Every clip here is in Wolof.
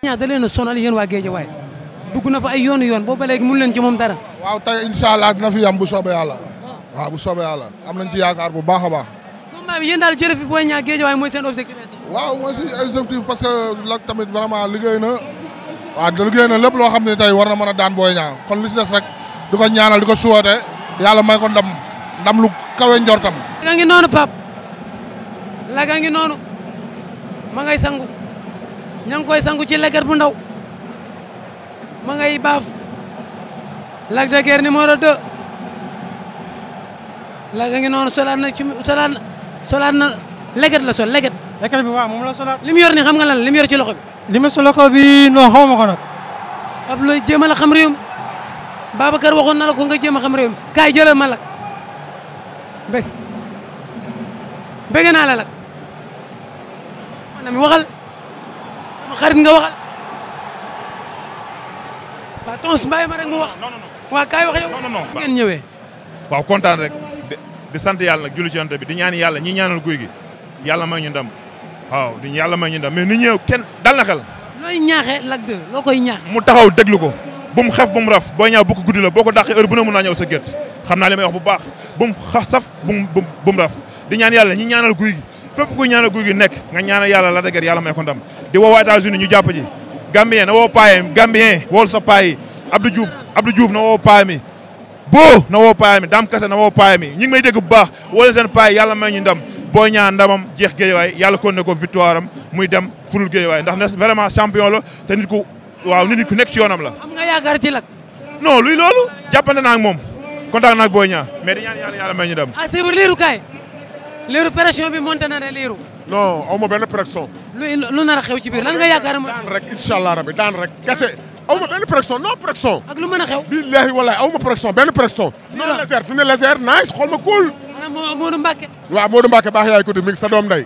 ñaa da leen a sonal yéen waa Géejawaay dugg na fa ay yoonu yoon boobu ba léegi mënu leen ci moom dara waaw tey incha allah dina fi yam bu soobee yàlla waaw bu soobee yàlla am nañ ci yaakaar bu baax a baax combat bi yéen daal jërëjëf Boy Niang mooy seen objectif waaw mooy suñu objectif parce que tamit vraiment liggéey na waaw da liggéey na lépp loo xam ne tey war na mën a daan Boy Niang kon li rek di ko ñaanal di ko suwate yàlla may ko ndam ndam lu kawe njortam ña ngi koy sangu ci leget bu ndaw ma ngay baaf Lac de Guiers numéro 2 Lac a ngi noonu solaat na ci solaat na leget la sol leget. leget bi waaw moom la solaat. li yor ni xam nga lan li mu yor ci loxo bi. li ma ci bi non xaw ma ko nag. ab looy jéem a la xam réewam Babacar waxoon na la ko nga jéem a xam réewam kaay jëlal ma Lac bëgg bëgg naa la Lac. maanaam waxal. sama xarit nga waxal. waaw Tonce bàyyi ma rek mu wax. non non waaw kaay wax yow. non non ngeen ñëwee. waaw kontaan rek di sant yàlla nag julli ci yonent bi di ñaan yàlla ñi ñaanal guy gi yàlla may ñu ndam waaw di yàlla may ñu ndam mais ni ñëw kenn dal na xel. looy ñaaxee Lac 2 koy ñaax. mu taxaw déglu ko bu mu xef bu mu raf boo ñaaw bu ko guddi la boo ko dàqee heure bu ne mën naa ñëw sa gétt xam naa li may wax bu baax bu mu saf bu mu bu raf di ñaan yàlla ñi ñaanal guy yi fépp kuy ñaanal guy gi nekk nga ñaanal yàlla la dëgër yàlla may ko ndam di woo waa états ñu jàpp ji Gambien na woo paaye Gambien wool sa paayi Abdou Diouf Abdou Diouf na woo paay mi boo na woo paay mi Dame Kassé na woo paay mi ñu ngi may dégg bu baax wala seen paay yàlla may ñu ndam boo ñaan ndamam jeex géejawaay yàlla kon ne ko victoire am muy dem fulul géejawaay ndax ne vraiment champion la te nit ku waaw nit ku nekk ci yoonam la. am nga yaakaar ci lak non luy loolu jàppante naa ak kontaan naa ak boo liiru pression bi monté na de liiru. non aw ma benn pression. lu na nar a xew ci biir lan nga yaakaar ma. daan rek incha allah rabi daan rek kese aw ma benn pression non pression. ak lu mën a xew. billahi wallahi aw ma pression benn pression. non léger fi ne léger nice xool ma cool. maanaam Modou Mbacke. waaw Modou Mbacke baax yaay ko di mi ngi sa doom ndey.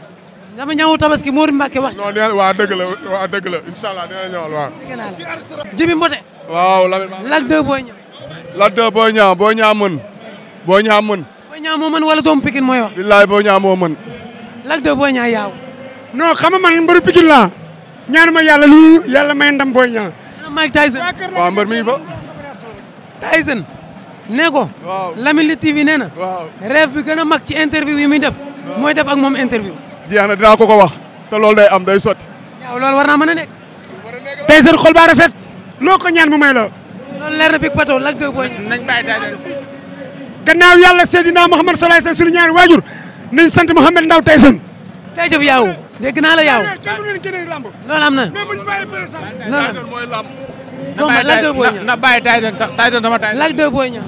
dama ñëw tabaski Modou Mbacke wax. non nee waa dëgg la waa dëgg la incha allah nee na ñëwal waaw. mën. Boy Niang mën. waa Niang moo mën wala moo mën. Lac de Boy Niang yaaw. non xam nga man mbëru Pikine laa. ñaanuma yàlla lu yàlla may ndam Boy Niang. Mike Tyson waaw mbër mi fa. Tyson ne ko. waaw Lamine li TV nee na. waaw bi gën a mak ci interview yi muy def. mooy def ak moom interview. jeex na dinaa ko ko wax. te loolu day am day sotti. waaw loolu war naa mën a nekk. Tyson xol ba rafet. loo ko ñaan mu may la. leer na big pato Lac de Boy Niang. gannaaw yàlla Seydina Mouhamed sallallahu alayhi wasallam suñu ñaari waajur nañ sant Mouhamed Ndao Tyson. tey jëf yaaw dégg naa la yaaw. loolu am na. loolu am non man Lac 2 Boy Niang na bàyyi Tyson Tyson sama Tyson. Lac 2 Boy Niang.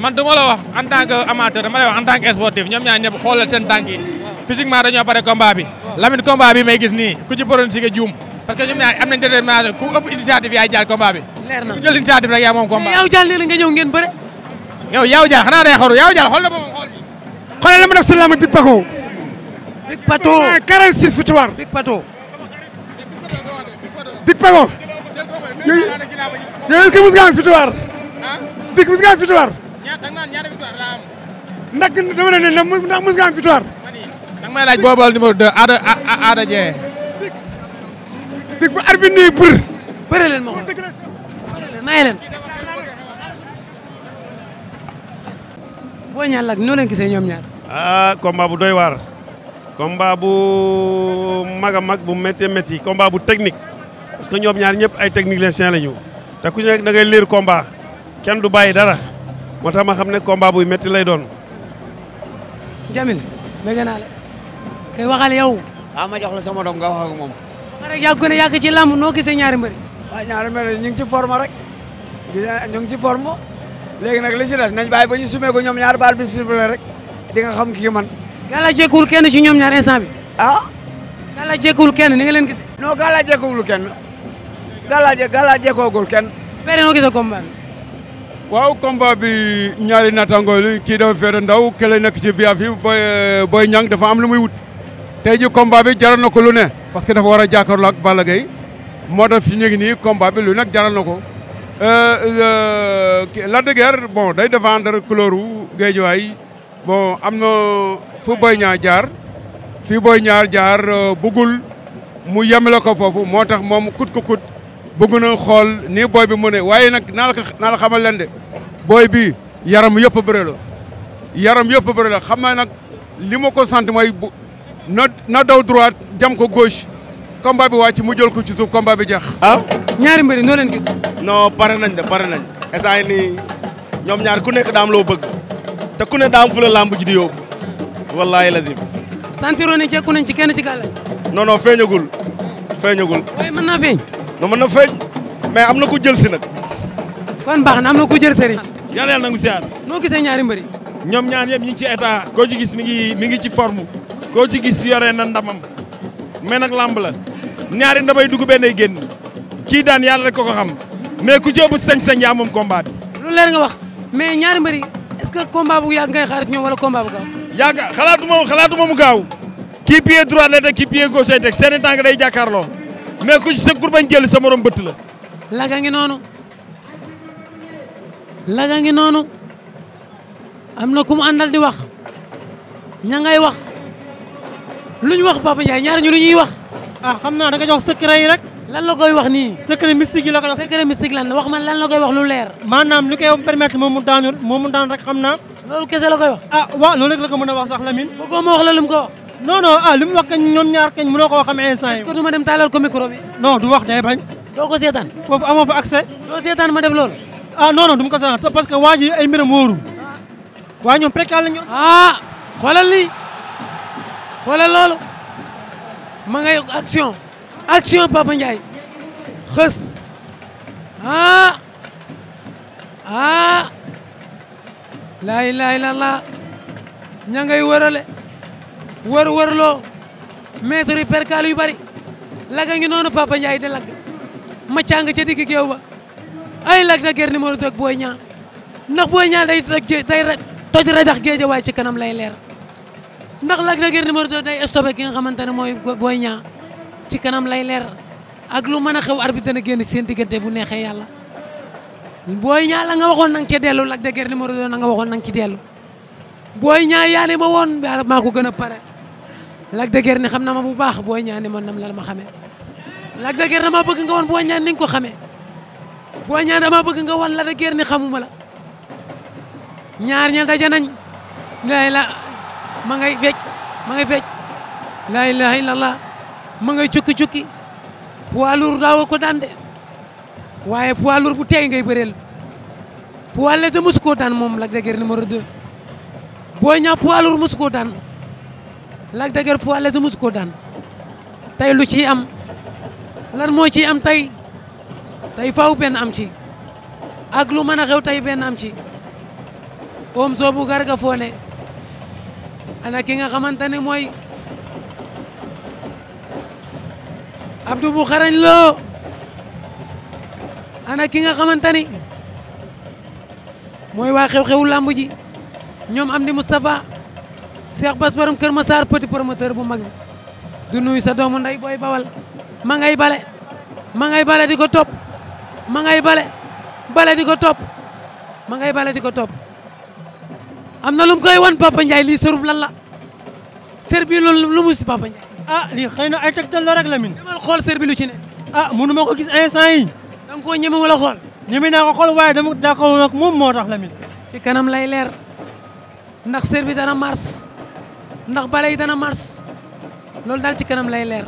man du ma la wax en tant que amateur dama lay wax en tant que sportif ñoom ñaar ñëpp xoolal seen tànk yi. physiquement dañoo pare combat bi. Lamine combat bi may gis nii ku ci pronostiqué juum. parce que ñoom ñaar am nañ détermination ku ëpp initiative yaay jàll combat bi. leer na ku jël initiative rek yaa moom combat. mais yow jàll nga ñëw ngeen bëre. yow yaaw jaal xanaa day xaru yaaw jaal xool na boppam la mu def si lamb Big Pato. Big Pato 46 victoire. Big Pato. Big Pato. yooyu yooyu est-ce que mos nga am victoire. Big mos nga am victoire. ndax dama ne ndax mos nga am victoire. Boy Niang Lac noo leen gisee ñoom ñaar. ah bu doy waar. combat bu mag a mag bu méttee métti combat bu technique parce que ñoom ñaar ñëpp ay techniciens la ñu te ku ci nekk da ngay lire kenn du bàyyi dara moo tax ma xam ne combat buy meti lay doon. Jamil bëgg naa la kay waxal yow. ah ma jox la sama doom nga wax moom. ma rek yaa gën a yàgg ci làmb noo gisee ñaari mbër. waaw ñaari mbër ñu ci forme rek ñu ci forme. léegi nag li ci des nañ bàyyi ba ñu sumee ko ñoom ñaar baal bi sifle rek di nga xam kii man gàlla jekkuwul kenn ci ñoom ñaar instant bi ah gàlla jekkuwul kenn ni nga leen gis non gàlla jekkuwul kenn gàlla gàlla jekkoogul kenn père noo gisa combat bi waaw combat bi ñaari nattangoo li kii dafa féere ndaw kele nekk ci biaf yi boy ñang eh, dafa am lu muy wut tey ji bi jaral na ko lu ne parce que dafa war a jàkkaarloo ak Balla Gaye moo def fi ñu ngi nii combat jaral na ko Euh, euh, Lac de Guiers bon day défendre couleur u Guédiawaye bon am na fu Boy Niang jaar fii Boy ñaar jaar euh, bëggul mu yemale ko foofu moo tax moom kut ko kut bëgg na xool nii booy bi mu ne waaye nag naa la naa xamal leen de booy bi yaram yëpp bëre la yaram yëpp bëre la xam naa nag li ma ko sant mooy na na daw droite jam ko gauche combat waa ci mu jël ko ci suuf combat bi jeex. Ah? ñaari mbëri noo leen gis. non pare nañ de pare nañ instant yii ñoom ñaar ku nekk daam loo bëgg te ku ne daam fu la làmb ji di yóbbu wallaahi lazim. santiroo ne jekku nañ ci kenn ci gàllankoor. non non feeñagul feeñagul. waaye mën naa feeñ. non mën na mais am na ku jël si nag. kon baax na am na ku jël sëriñ. yàlla yàlla nangu siyaar. noo gisee ñaari mbëri. ñoom ñaar yëpp ñu ngi ci état koo ci gis mi ngi mi ngi ci forme koo ci gis yore na ndamam. mais nag làmb la ñaari ndamay dugg benn ay génn kii daan yàlla rek ko xam mais ku jéem sañ-sañ yaa moom combat bi. lu leer nga wax mais ñaari mbër yi est-ce que combat bu yàgg ngay xaar ñoom wala combat bu gaaw. yàgg xalaatu ma xalaatu ma mu gaaw kii pied droit lay teg kii pied gauche lay teg seen i tànk day jàkkaarloo mais ku ci sa kur bañ jël sa morom bëtt la. ngi noonu laga ngi noonu am na ku mu di wax ña ngay wax. lu ñu wax Papa Ndiaye ñaar ñu lu ñuy wax. ah xam naa da nga jox secret rek. lan la wax nii. secret mystique yi la koy wax. lu leer. maanaam li koy permettre moom mu daan rek xam naa. loolu kese la wax. ah waaw loolu rek la ko mën a wax sax Lamine. bëggoo ma wax la lu mu ko wax. ah li mu wax kañ ñoom ñaar kañ mënoo ko ma dem taalal ko micro bi. non du wax day bañ. doo ko seetaan. foofu amoo fa accès. doo seetaan ma def loolu. ah non non du ma ko seetaan parce que ay mbiram wóoru. Ah. waaye ñoom précal la ñu. ah xoolal loolu ma ngay action action Papa Ndiaye xës ah ah laa ilaaha illallaah ña ngay wërale wër wërloo mètre yi perkal yu bari laga ngi noonu Papa Ndiaye di lag ma càng ca digg géew ba ay lag da ger numéro dog booy ñaa ndax booy ñaa day toj day toj rajax waay ci kanam lay leer ndax Lac de Guiers numéro 2 day stoppé ki nga xamante ne mooy booy Niang ci kanam lay leer ak lu mën a xew arbitre dana génn seen diggante bu neexee yàlla booy Niang la nga waxoon nang ci dellu Lac de Guiers numéro 2 nga waxoon nang ci dellu booy Niang yaa ne ma woon maa ko gën a pare Lac de Guiers ni xam na ma bu baax Boy Niang ni man nam la ma xamee Lac de Guiers dama bëgg nga woon Boy Niang ni nga ko xamee Boy Niang dama bëgg nga woon Lac de Guiers ni xamuma la ñaar ña daje ma ngay fecc ma ngay fecc laa ilaha illallah ma ngay cukki-cukki poids lourd ko daan de waaye poids bu tey ngay bëreel poids sa musu daan moom Lac de Guiers numéro 2 Boy Niang koo daan Lac de Guiers poids léger daan tey lu ci am lan moo ci am tey tey faaw benn am ci ak lu mën a xew tey benn am ci om soobu garga foone ana ki nga xamante ne mooy Abdou bu xarañ loo ana ki nga xamante ni mooy waa xew-xewu làmb ji ñoom am di Moustapha Cheikh Bass borom Kër Massar petit promoteur bu mag bi du nuyu sa doomu nday booy bawal ma ngay bale ma ngay bale di ko top ma ngay bale bale di ko top ma ngay bale di ko topp am na lum ko koy wan Papa Ndiaye lii sërub lan la ser bi loolu lu mu si Papa Ndiaye. Ah, lii xëy na ay tegtal la rek la min demal xool ser lu ci ne. ah mënu ma ko gis instant yi da nga koo ñeme wala xool. ñeme naa ko xool waaye dama d'accord nag moom moo tax la min ci kanam lay leer ndax ser dana mars ndax bale yi dana mars loolu daal ci kanam lay leer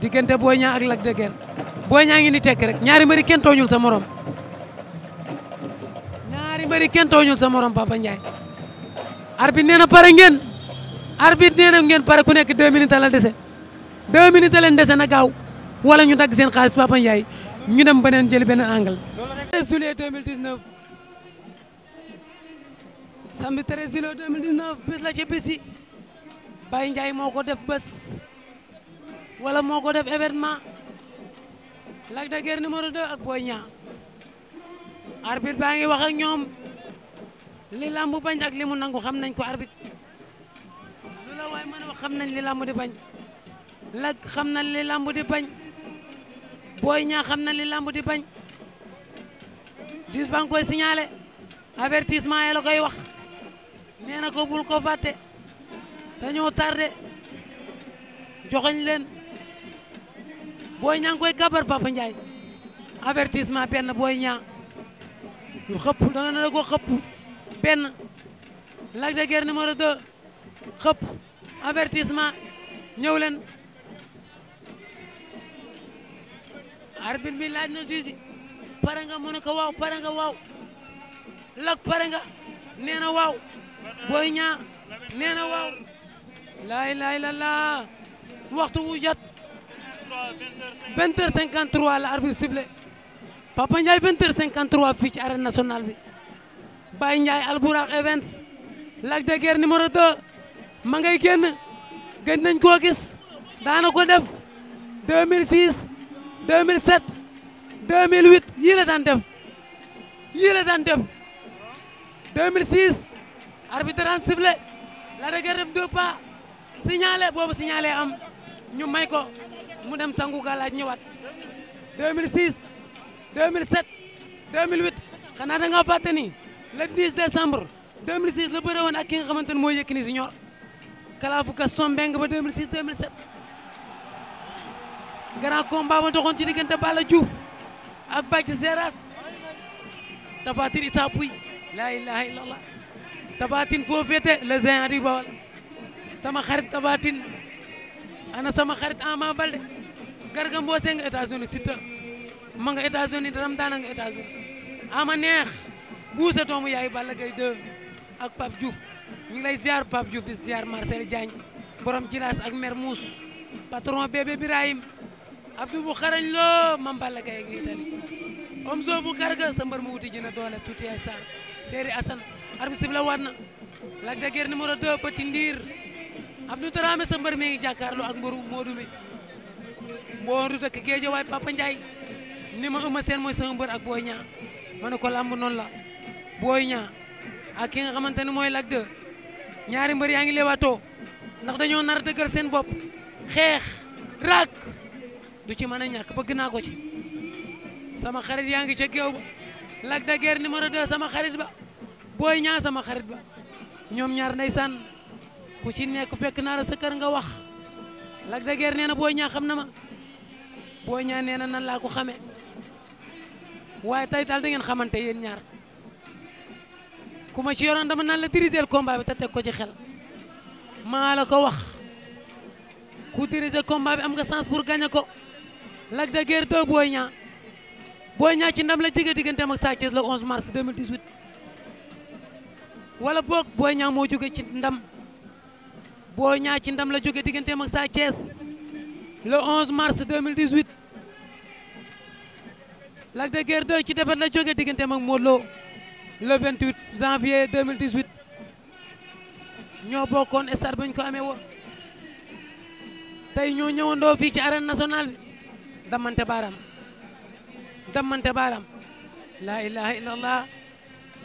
diggante Boy Niang ak Lac de Guiers Boy Niang ngi ni tekk rek ñaari mbëri kenn tooñul sa morom ñaari mbëri kenn tooñul sa morom Papa Ndiaye arbitre nee na pare ngeen. arbitre nee ngeen pare ku nekk deux minutes la dese deux leen dese na gaaw wala ñu dagg seen xaalis Papa Ndiaye ñu dem beneen jëli beneen angle. 13 juillet 2019 samedi 13 juillet 2019 bés la ci bés yi Baye Ndiaye moo ko def bés wala moo ko def événement Lac de Guiers numéro 2 ak Boy Niang arbitre baa ngi wax ak ñoom li lamb bañ ak li mu nangu xam nañ ko arbitre. xam nañ li làmb di bañ Lac xam nañ li làmb di bañ Boy Niang xam nañ li làmb di bañ juste koy signalé avertissement yi la koy wax nee na ko bul ko fàtte dañoo tardé joxoñ leen Boy Niang koy kabar Papa Ndiaye benn booy Niang yu xëpp da nga ne xëpp benn Lac de Guiers numéro xëpp avertissement ñëw leen arbitre bi laaj na juge pare nga mu waaw pare nga waaw lak pare nga waaw Boy Niang nee na waaw laa ilaaha illallaah waxtu wu jot 20 heures la arbitre sifflé Papa Ndiaye 20 heures 53 fii ci arène nationale bi Baye Ndiaye Albourakh Events Lac de Guiers numéro ma ngay génn gën nañ koo gis daana ko def 2006 2007 2008 yii la daan def yii la daan def 2006 arbitre daan sifflé la da def deux pas signalé boobu signalé am ñu may ko mu dem sangu galaaj ñëwaat 2006 2007 2008 xanaa da nga fàtte ni le 10 décembre 2006 la bëre woon ak ki nga xamante ne mooy Yékini kalaafu Gaston nga ba 2006 2007 grand combat ba doxoon ci diggante Balla Diouf ak Bathie Seras Tapha Tine Issa Pouye laa ilaha illallah Tapha Tine foo féete le géant du Baol sama xarit Tapha Tine ana sama xarit Ama Baldé Garga Mbossé nga États-Unis Siteu ma nga États-Unis daram daana nga États-Unis ama neex buuse doomu yaay Balla Gaye 2 ak Pape Diouf ñu ngi lay ziar Pape Diouf di ziar Marcel Diagne borom Jilaas ak Mère Mouss patron bébé Birahim Abdou bu xarañ loo mam Balla Gaye ngi tali Omzo bu garga sa mbër mu wuti ji na doole tuuti ay Sarr Seri Assane arbitre sifle waat na Lac de Guiers numéro 2 Petit Ndiir Abdou Dramé sa mbër mee ngi jàkkaarloo ak mbëru Modou mi mbooru dëkk Géejawaay Papa Ndiaye ni ma ëmma seen mooy sama mbër ak Boy Niang ma ne ko làmb noonu la Boy Niang ak ki nga xamante ne mooy Lac ñaari mbër yaa ngi leewaatoo ndax dañoo nar a dëgër seen bopp xeex raak du ci mën a ñàkk bëgg naa ko ci sama xarit yaa ngi ca géew ba Lac de Guiers numéro 2 sama xarit ba booy Niang sama xarit ba ñoom ñaar ndeysaan ku ci nekk fekk naa la sa kër nga wax Lac de Guiers nee na xam na ma Boy Niang nee na nan laa ko xamee waaye tey daal da ngeen xamante yeen ñaar ku ma ci yoroon dama naan la diriger combat bi te teg ko ci xel maa la ko wax ku diriger combat bi am nga chance pour gagner ko Lac de Guiers 2 Boy Niang Boy ci ndam la jege digganteem ak Sa Thiès le 11 mars 2018 wala boog Boy Niang moo jóge ci ndam Boy Niang ci la jóge digganteem ak Sa Thiès le 11 mars 2018 Lac de Guiers ci defet la jóge digganteem ak Modou le 28 janvier 2018 ñoo bokkoon stade bañ ko amee woon tey ñoo ñëwandoo fii ci arène national bi damante baaraam damante baaraam laa ilaha illallah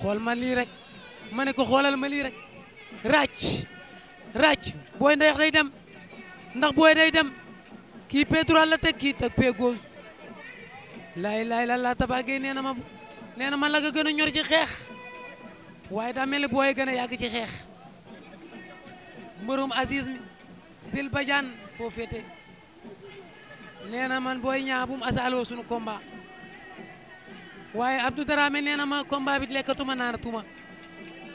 xool ma lii rek ma ne ko xoolal ma lii rek ràcc ràcc booy ndax day dem ndax booy day dem kii pétrole la teg kii teg pee gauche laa ilaha illallah tabaa gee nee na ma nee na man la gën a ñor ci xeex waaye daa mel ni booy gën a yàgg ci xeex mbërum Aziz Zil Badiane foo féete na man booy ñaa bum asaaloo sunu combat waaye Abdou Darame nee na ma combat bi lekkatuma naanatuma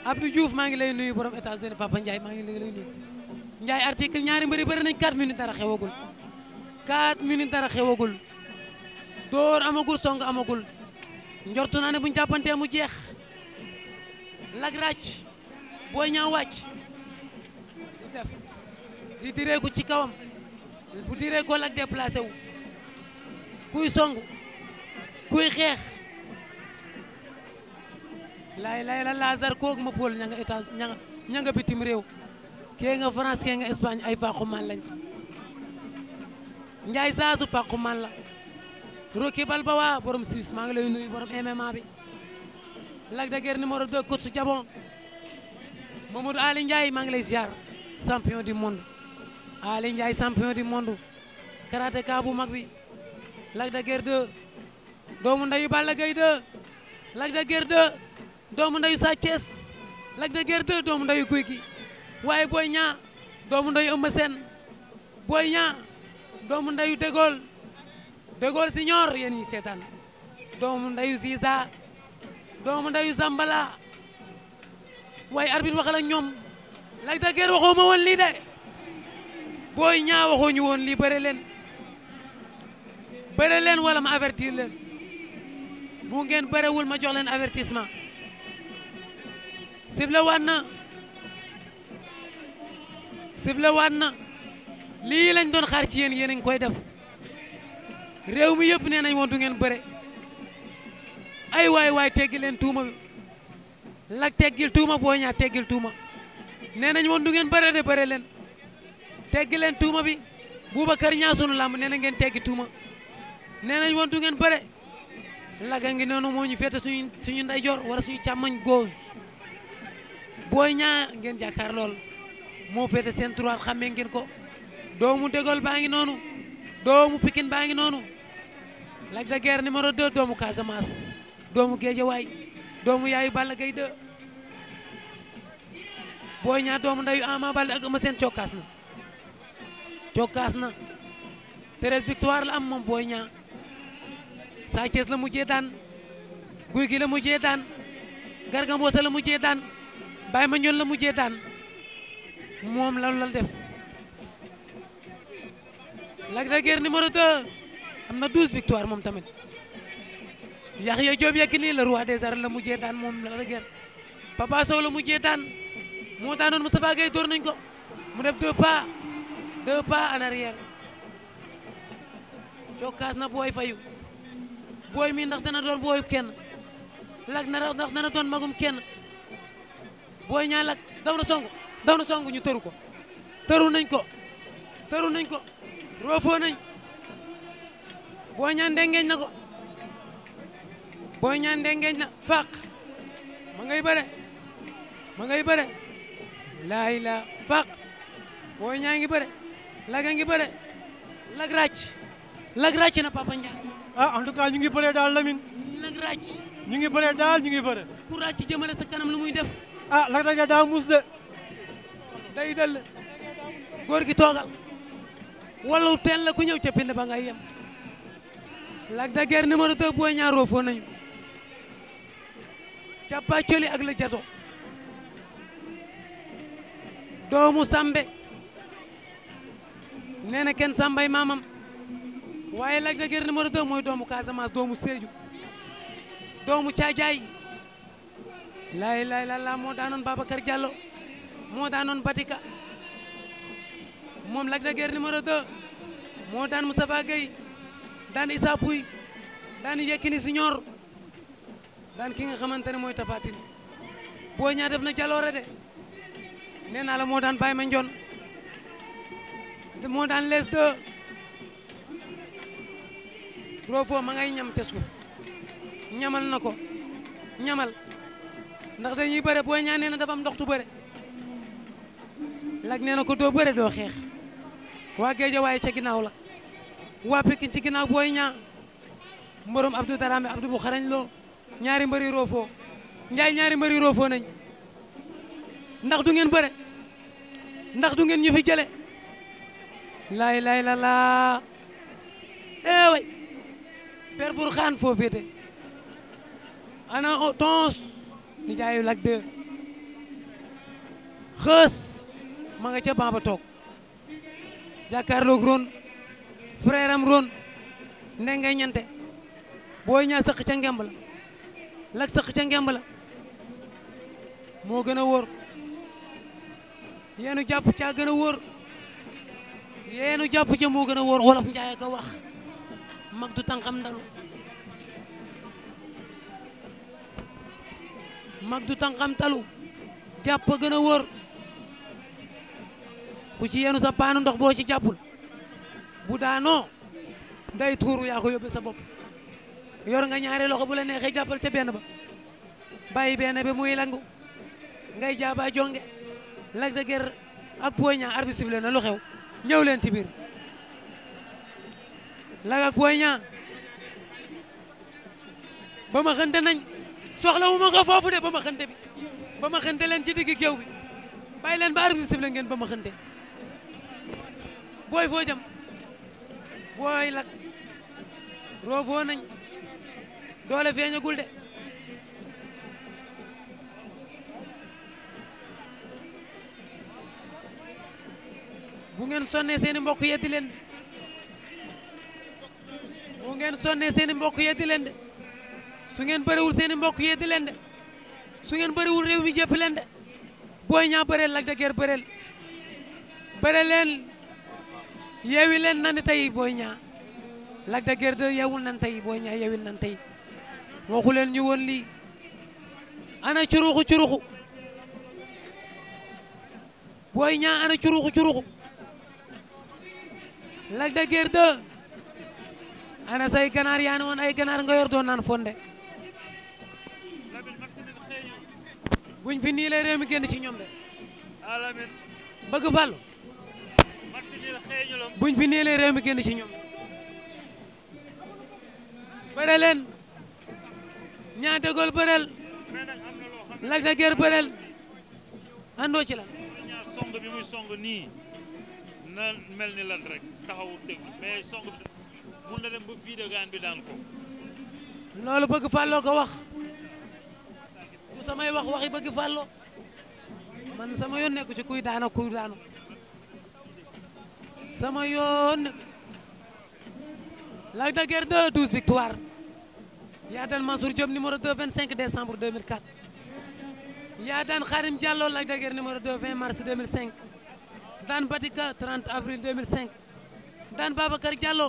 Abdou Diouf maa ngi lay nuyu borom États-Unis Papa Ndiaye maa ngi lay nuyu Ndiaye article ñaari mbëri bëri nañ 4 minutes dara xewagul 4 minutes dara xewagul door amagul song amagul njort naa ne buñ jàppantee mu jeex lag ràcc booy ñaaw wàcc di diree ko ci kawam bu diree ko lag déplacé wu kuy song kuy xeex lay lay la Lazare koog ma pool ña nga étage ña nga bitim réew kee nga France kee nga Espagne ay fàqumaan lañ Njaay saasu fàqumaan la Rocky Balboa borom Suisse maa ngi lay nuyu borom MMA bi Lac de Guiers numéro 2 coach Jabon Mamadou Ali maa ngi lay ziar champion du monde Ali Ndiaye champion du monde karatéka bu mag bi Lac de Guiers 2 doomu ndeyu Balla Gaye 2 Lac de Guiers 2 doomu ndeyu Sa Thiès Lac de Guiers doomu ndeyu Gouye Gui waaye Boy Niang doomu ndeyu Eumeu Sène Boy doomu ndeyu Dégol Dégol Signor yéen ñi seetaan doomu ndeyu Ziza doomu ndeyu Zambala waaye arbitre waxal ak ñoom Lac de Guiers waxoo ma woon lii de Boy Niang waxoo ñu woon lii bëre leen bëre leen wala ma avertir leen bu ngeen bërewul ma jox leen avertissement sible waat na sible waat na lii lañ doon xaar ci yéen yéen a koy def réew mi yëpp nee nañ woon du ngeen bëre ay waay waay teggi leen tuuma bi lak teggil tuuma boo ñaa teggil tuuma nee nañ woon du ngeen bëre de bëre leen teggi leen tuuma bi Boubacar ñaa sunu làmb nee na ngeen teggi tuuma nee nañ woon du ngeen bëre laga ngi noonu moo ñu féete suñu suñu ndeyjoor wala suñu càmmoñ gauche booy ñaa ngeen jàkkaar lool moo féete seen droit xammee ngeen ko doomu dégol baa ngi noonu doomu Pikine baa ngi noonu Lac de Guiers numéro 2 doomu Casamance doomu Géejawaay doomu yaayu Balla Gaye 2 Boy Niang doomu ndeyu Ama Baldé ak Eumeu Sène cokkaas na cokkaas na treize victoire la am moom Boy Niang Sa Thiès la mujjee daan Gouye Gui la mujjee daan Garga la mujjee daan Baye Mandione la mujjee daan moom lan la def Lac de ni numéro 2 am na 12 victoire moom tamit Yaxya Diop Yékini le roi des arènes la mujjee daan moom Lac de Guiers Papa Sow la mujjee daan moo daanoon Moustapha Gueye door nañ ko mu def deux pas deux pas en arrière cokkaas na booy fayu booy mi ndax dana doon booyu kenn Lac na ndax dana doon magum kenn booy ñaa Lac daw na song daw na songu ñu tëru ko tëru nañ ko tëru nañ ko roofoo nañ Boy Niang ndengeeñ na ko Boy Niang ndengeeñ na faq ma ngay bëre ma ngay bëre laa ilaa faq Boy Niang ngi bëre laga ngi bëre lag ràcc lag ràcc na Papa Ndiaye ah en tout cas ngi bëree daal Lamine lag ràcc ñu ngi bëree daal ñu ngi bëre ku ràcc jëmale sa kanam lu muy def ah lag ràcc daa muus de day dell góor gi toogal walaw teen la ku ñëw ca pind ba ngay yem Lac de Guiers numéro 2 Boy nañu cappa coli ak la jato doomu sambe nee na kenn sambay maamam waaye Lac de Guiers numéro 2 mooy doomu Casamance doomu Sédhiou doomu Caajaay laay laay la moo daanoon Babacar Diallo moo daanoon Batika moom Lac de Guiers numéro 2 moo daan Moustapha Gueye daan Issa Pouye daan Yékini Senior daan ki nga xamante ne mooy Tapha Tine Boy Niang def na jaloore de nee naa la moo daan Baye Mandione moo daan lees deux Gros Fo ma ngay ñam te suuf ñamal na ko ñamal ndax dañuy bëre Boy Niang nee na dafa am ndox tu bëre Lac nee na ko doo bëre doo xeex waa waaye ca ginnaaw la waa Pikine ci ginnaaw booy ñaa mborom Abdou Darame Abdou bu xarañ loo ñaari mbëri roofoo njaay ñaari mbëri roofoo nañ ndax du ngeen bëre ndax du ngeen ñu fi lay laay laay la laa eeway eh per bur xaan foo ana tons ni jaayu lak deux xës ma nga ca ban ba toog jàkkaarloog Ron frère am Ron ndengay ñante booy ñaa sëq ca ngemb la lak sëq ca ngemb la moo gën a wóor yeenu jàpp ca gën a wóor yeenu jàpp ca moo gën a wóor wolof njaay ko wax mag du tànqam ndalu mag du tànqam talu jàpp gën a wóor ku ci yenu sa paanu ndox boo ci jàppul bu daanoo nday tuuru yaa yóbbe sa bopp yor nga ñaari loxo bu la neexee jàppal ca benn ba bàyyi benn bi muy langu ngay jaaba jonge Lac de Guiers ak Boy Niang arbitre na lu xew ñëw leen ci biir Lac ak Boy Niang ba ma xënte nañ soxla wu ma ko foofu de ba ma xënte bi ba ma xënte leen ci digg géew bi bàyyi leen ba arbitre sifflé ngeen ba ma xënte woy foo jëm booy lak roofoo nañ doole feeñagul de bu ngeen sonnee seeni mbokk yeddi leen de bu ngeen sonnee seeni mbokk yeddi leen de su ngeen bëriwul seeni mbokk yeddi leen de su ngeen bëriwul réew mi jëpp leen de booy ñaa bëreel lak da ger bëreel bëreel yeewi leen na ni tey Boy Niang Lac de Guiers 2 yeewul nan tey Boy Niang waxu leen ñu woon lii ana curuxu curuxu Boy Niang ana curuxu curuxu Lac de Guiers ana say ganaar yaa ne woon ay ganaar nga yor doon naan fonde buñ fi nii lay réew mi génn ci ñoom bëgg fàllu buñ fi néelee réew mi génn ci ñoom bëre leen Niang de Gaule bërel Lac de Guiers bërel àndoo ci la song bi muy song nii na mel ni lan rek taxawu dégg mais song bi mun na dem ba fii bi daan ko loolu bëgg fàlloo ko wax ku samay wax waxi bëgg fàlloo man sama yoon nekku ci kuy daano kuy daano sama yoon Lac de Guiers 2 12 victoire yaa daan Mansour Diop numéro 2 25 décembre 2004 yaa daan Khadim Diallo Lac de Guiers numéro 2 20 mars 2005 daan Batika 30 avril 2005 daan Babacar Diallo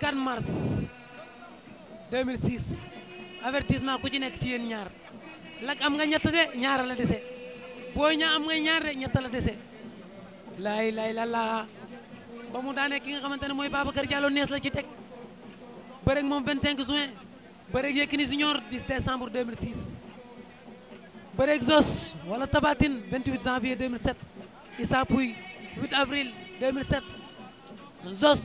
4 mars 2006 avertissement ku ci nekk ci yéen ñaar Lac am nga ñett de ñaar la dese Boy Niang am nga ñaar de ñett la dese laay laay la laa ba mu daanee ki nga xamante ne mooy Babacar Diallo nees la ci teg bëreeg moom 25 juin bëreeg Yékini Junior 10 décembre 2006 bëreeg Zos wala Tabatine 28 janvier 2007 Issa Pouye 8 avril 2007 Zos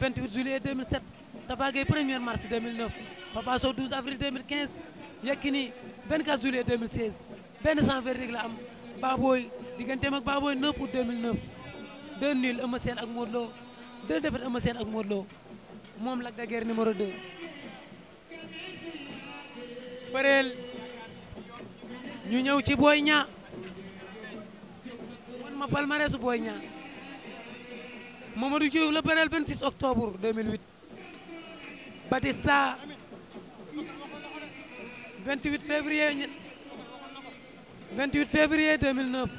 28 juillet 2007 Tafa Gueye 1er mars 2009 Papa Sow 12 avril 2015 Yékini 24 juillet 2016 benn sans verdict la am Baboy digganteem ak Baboy 9 août 2009 deux nuls Eumeu ak Modou Lo deux défaites Eumeu ak Modou Lo moom Lac de Guiers numéro 2 ñu ñëw ci Boy Niang wan ma palmarèsu Boy Niang Mamadou Diouf la bëreel 26 octobre 2008 Batista 28 février 28 février 2009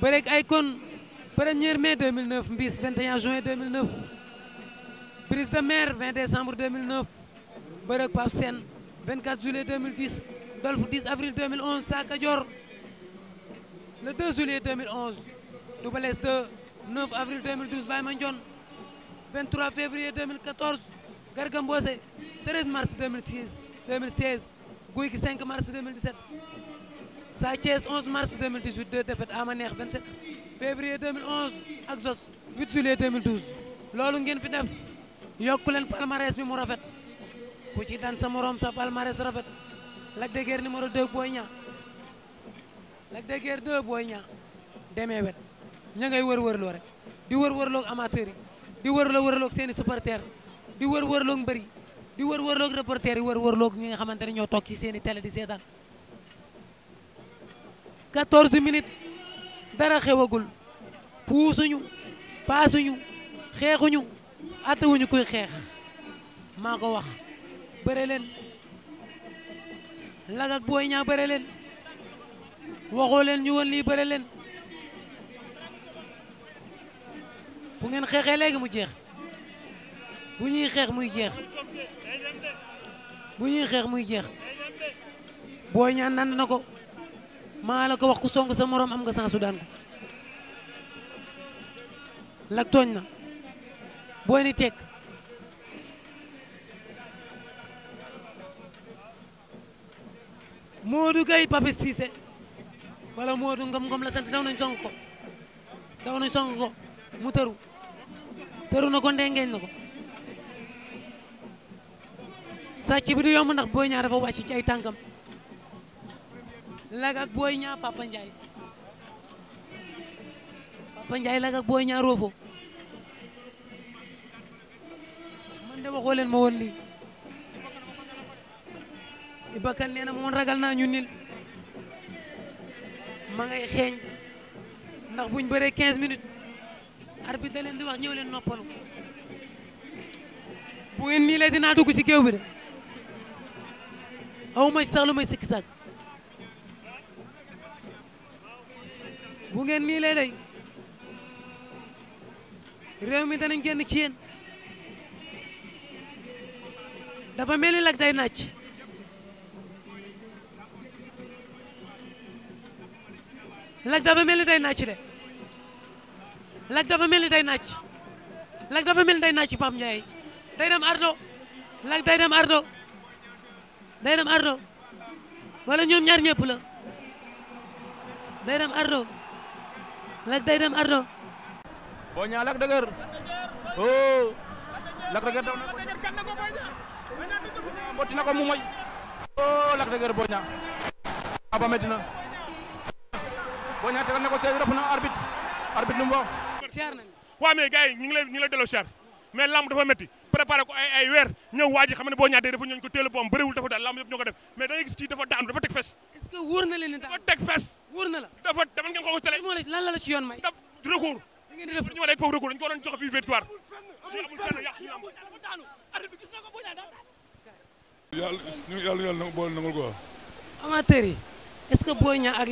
bëreeg ay kon premier mai 2009 Mbis 21 juin 2009 prise de mer 20 décembre 2009 bëreeg Pape Sène 24 juillet 2010 Dolf 10 avril 2011 Saka Dior le 2 juillet 2011 Double S 2 9 avril 2012 Baye Mandione 23 février 2014 Garga Mbossé 13 mars 2006 2016 Guy gi 5 mars 2017 Sa Thiès 11 mars 2018 deux défaites Ama Neex 27 février 2011 ak Zos 8 juillet 2012 loolu ngeen fi def yokku leen palmarès bi mu rafet ku ci daan sa morom sa palmarès rafet Lac de Guiers numéro 2 booy Niang Lac de Guiers booy Boy Niang demee wet ña ngay wër-wërloo rek di wër-wërloog amateur yi di wër-wër wërloog seeni supporters di wër-wërloog mbër yi di wër-wërloog reporters yi wër-wërloog ñi nga xamante ne ñoo toog ci seeni télé di seetaan. 14 minit dara xewagul puusuñu paasuñu xeexuñu attewuñu kuy xeex maa ko wax bëre leen Lac ak Boy Niang bëre leen waxoo leen ñu woon lii bëre leen bu ngeen xeexee léegi mu jeex bu ñuy xeex muy jeex bu ñuy xeex muy jeex Boy Niang nand na ko maa la ko wax ku song sa moroom am nga sansu daan ko lak tooñ na booy ni tekk Modou Gueye Pape Cissé wala Modou Ngom Ngom la sant daw nañ song ko daw nañ ko mu tëru tëru na ko ndengeeñ na ko sàcc bi du ndax booy ñaar dafa wàcc ay tànkam Lac ak Boy Niang Papa Ndiaye Papa Ndiaye Lac ak Boy Niang Roffo man de waxoo leen ma woon lii Iba Kane nee na moon ragal naa ñu nil ma ngay xeeñ ndax buñ bare 15 minutes arbitre da wax ñëw leen noppalu bu ngeen nii lay dinaa dugg ci géew bi de aw may bu ngeen nii lay day réew mi danañ génn ci yéen dafa mel ni lak day nàcc lak dafa mel ni day nàcc de lak dafa mel ni day nàcc lak dafa mel ni day nàcc Pape Ndiaye day dem ardo lak day dem ardo day dem ardo wala ñoom ñaar ñëpp la day dem ardo Lac day dem Ardo. boo ñaa Lac de Guiers. oh. Lac de Guiers daw na ko mbotti na ko mu moy. oh Lac de Guiers boo ñaa. aba metti na. boo ñaa tegal na ko seen rëpp na arbitre. arbitre lu mu wax. waaw mais gars yi ñu ngi lay ñu ngi lay delloo char mais lamb dafa metti préparé ko ay ay weer ñëw waa ji xam ne boo ñaatee dafa def mais da ngay gis kii dafa daanu dafa teg fes est-ce na leen dafa teg fes wóor na la ko ko télé lan la la ci yoon may daf recours ñu wala ay pauvre recours dañ ko na boole nangul quoi amateur yi est-ce que Boy Niang ak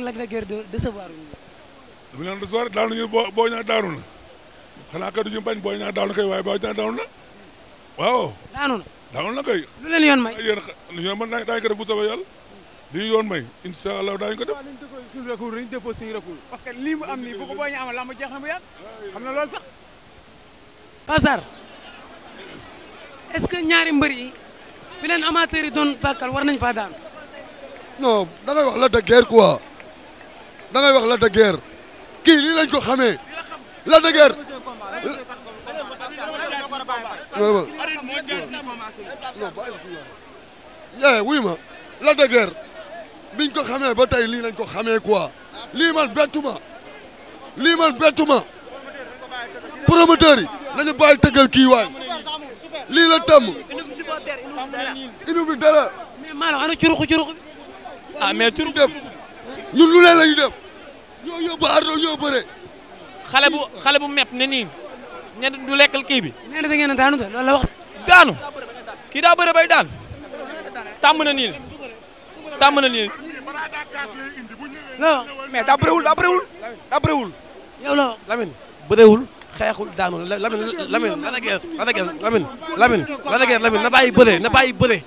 daanu ñu Boy daanu na xanaa kay duñu bañ Boy Niang daanu kay waaye Boy Niang daanu na waaw daanu na daanu na kay lu leen yoon may yéen yoon man daañu ko def bu soobee yàlla li yoon may incha allah daañu ko def suñu recours dañu déposé suñu recours parce que lii mu am nii bu ko booy ñu amal lamb jeex na bu yàgg xam na loolu sax Pape Sarr est-ce que ñaari mbër yi fi leen amateurs yi doon bàkkal war nañ faa daan non da ngay wax la de guerre quoi da ngay wax la de guerre kii lii lañ ko xamee la de guerre eh wuy ma Lac de ko xamee ba tey lii lañ ko xamee quoi lii man bettu ma lii yi nañu bàyyi la tàmm inu bi dara maanaam ana curuxu curuxu ah mais curuxu def ñun lu ne la ñu def ñoo yóbbu ardo ñoo bëre xale bu xale bu nii ne du lekkal kii bi. nee na da ngeen a daanu de loolu daanu kii daa bëre bay daan tàmm na nii tàmm na nii. non mais daa bëriwul daa bëriwul daa bëriwul. yow la Lamine bëriwul xeexul daanu Lamine Lamine Lac de Guiers Lac de Guiers Lamine Lamine Lac de Guiers Lamine na bàyyi bëre na bàyyi bëre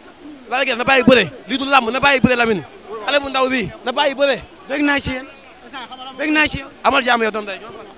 Lac de na bàyyi bëre lii du làmb na bàyyi bëre Lamine xale bu ndaw bi na bàyyi bëre. bég naa ci yéen bég naa ci amal jàmm yow day